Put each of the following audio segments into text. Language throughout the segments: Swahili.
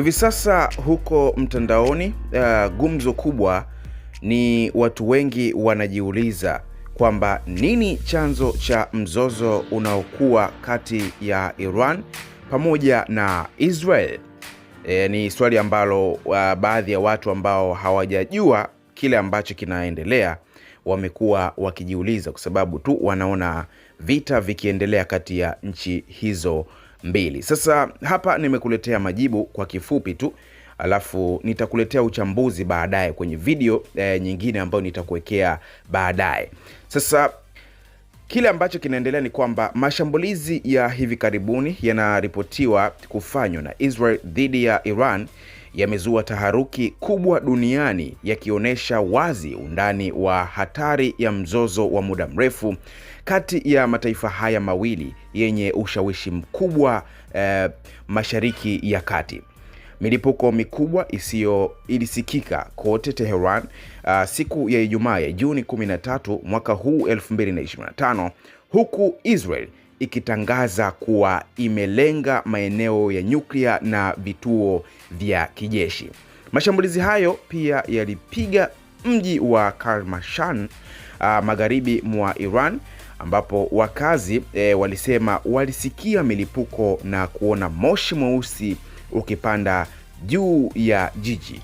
Hivi sasa huko mtandaoni, uh, gumzo kubwa ni watu wengi wanajiuliza kwamba nini chanzo cha mzozo unaokuwa kati ya Iran pamoja na Israel. E, ni swali ambalo uh, baadhi ya watu ambao hawajajua kile ambacho kinaendelea wamekuwa wakijiuliza kwa sababu tu wanaona vita vikiendelea kati ya nchi hizo mbili. Sasa hapa nimekuletea majibu kwa kifupi tu, alafu nitakuletea uchambuzi baadaye kwenye video eh, nyingine ambayo nitakuwekea baadaye. Sasa kile ambacho kinaendelea ni kwamba mashambulizi ya hivi karibuni yanaripotiwa kufanywa na Israel dhidi ya Iran yamezua taharuki kubwa duniani yakionyesha wazi undani wa hatari ya mzozo wa muda mrefu kati ya mataifa haya mawili yenye ushawishi mkubwa eh, Mashariki ya Kati. Milipuko mikubwa isiyo ilisikika kote Teheran uh, siku ya Ijumaa ya Juni 13 mwaka huu 2025 huku Israel ikitangaza kuwa imelenga maeneo ya nyuklia na vituo vya kijeshi. Mashambulizi hayo pia yalipiga mji wa Karmashan uh, magharibi mwa Iran ambapo wakazi e, walisema walisikia milipuko na kuona moshi mweusi ukipanda juu ya jiji.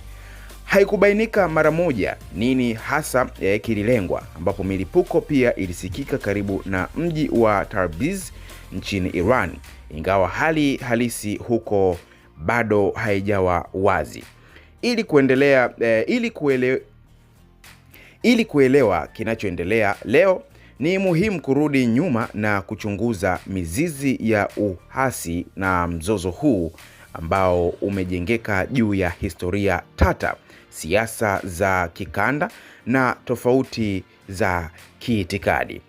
Haikubainika mara moja nini hasa eh, kililengwa, ambapo milipuko pia ilisikika karibu na mji wa tarbiz nchini Iran, ingawa hali halisi huko bado haijawa wazi. Ili kuendelea eh, ili kuele, ili kuelewa kinachoendelea leo ni muhimu kurudi nyuma na kuchunguza mizizi ya uhasi na mzozo huu ambao umejengeka juu ya historia tata, siasa za kikanda na tofauti za kiitikadi.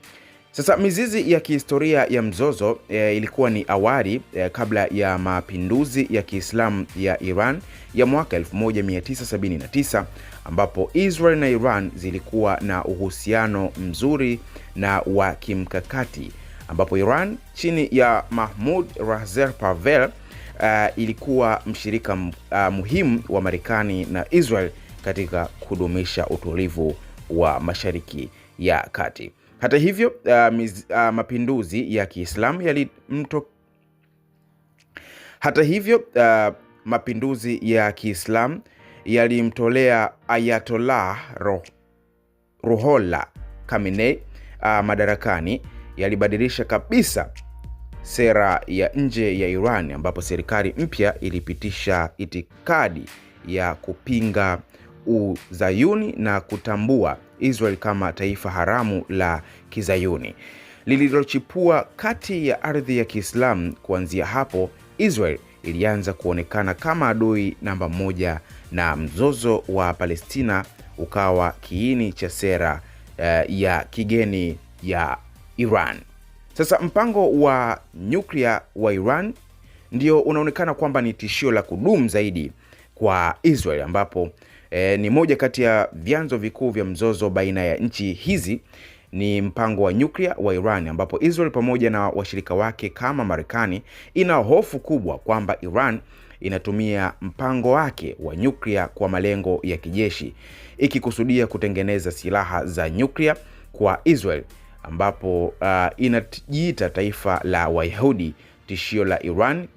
Sasa mizizi ya kihistoria ya mzozo e, ilikuwa ni awali e, kabla ya mapinduzi ya Kiislamu ya Iran ya mwaka 1979 ambapo Israel na Iran zilikuwa na uhusiano mzuri na wa kimkakati ambapo Iran chini ya mahmud Razer Pavel uh, ilikuwa mshirika uh, muhimu wa Marekani na Israel katika kudumisha utulivu wa Mashariki ya Kati. Hata hivyo, uh, miz, uh, mapinduzi ya Kiislamu yalimto hata hivyo, uh, mapinduzi ya Kiislamu yalimtolea Ayatollah Ruhollah Ruhollah uh, madarakani, yalibadilisha kabisa sera ya nje ya Iran ambapo serikali mpya ilipitisha itikadi ya kupinga uzayuni na kutambua Israel kama taifa haramu la kizayuni lililochipua kati ya ardhi ya Kiislamu. Kuanzia hapo, Israel ilianza kuonekana kama adui namba moja na mzozo wa Palestina ukawa kiini cha sera uh, ya kigeni ya Iran. Sasa mpango wa nyuklia wa Iran ndio unaonekana kwamba ni tishio la kudumu zaidi kwa Israel ambapo e, ni moja kati ya vyanzo vikuu vya mzozo baina ya nchi hizi ni mpango wa nyuklia wa Iran ambapo Israel pamoja na washirika wake kama Marekani ina hofu kubwa kwamba Iran inatumia mpango wake wa nyuklia kwa malengo ya kijeshi ikikusudia kutengeneza silaha za nyuklia kwa Israel ambapo uh, inajiita taifa la Wayahudi. Tishio la Iran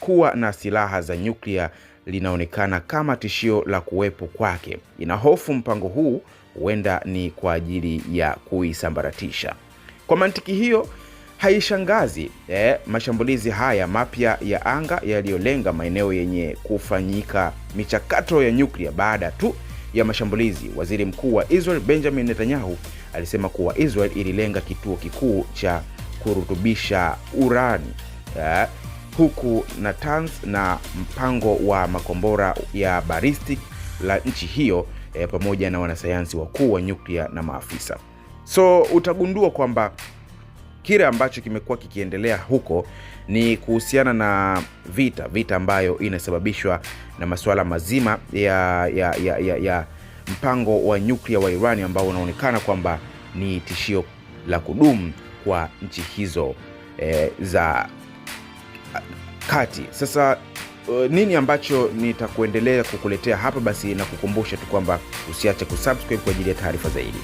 kuwa na silaha za nyuklia linaonekana kama tishio la kuwepo kwake. Inahofu mpango huu huenda ni kwa ajili ya kuisambaratisha. Kwa mantiki hiyo haishangazi eh, mashambulizi haya mapya ya anga yaliyolenga maeneo yenye kufanyika michakato ya nyuklia baada tu ya mashambulizi waziri mkuu wa Israel Benjamin Netanyahu alisema kuwa Israel ililenga kituo kikuu cha kurutubisha urani eh, huku Natanz na mpango wa makombora ya ballistic la nchi hiyo eh, pamoja na wanasayansi wakuu wa nyuklia na maafisa. So utagundua kwamba kile ambacho kimekuwa kikiendelea huko ni kuhusiana na vita vita ambayo inasababishwa na masuala mazima ya, ya, ya, ya, ya mpango wa nyuklia wa Irani ambao unaonekana kwamba ni tishio la kudumu kwa nchi hizo e, za kati. Sasa eh, nini ambacho nitakuendelea kukuletea hapa basi, na kukumbusha tu kwamba usiache kusubscribe kwa ajili ya taarifa zaidi.